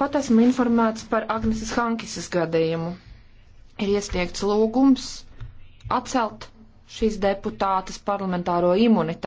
Pat esmu informēts par Agneses Hankisas gadījumu. Ir iesniegts lūgums atcelt šīs deputātes parlamentāro imunitāti.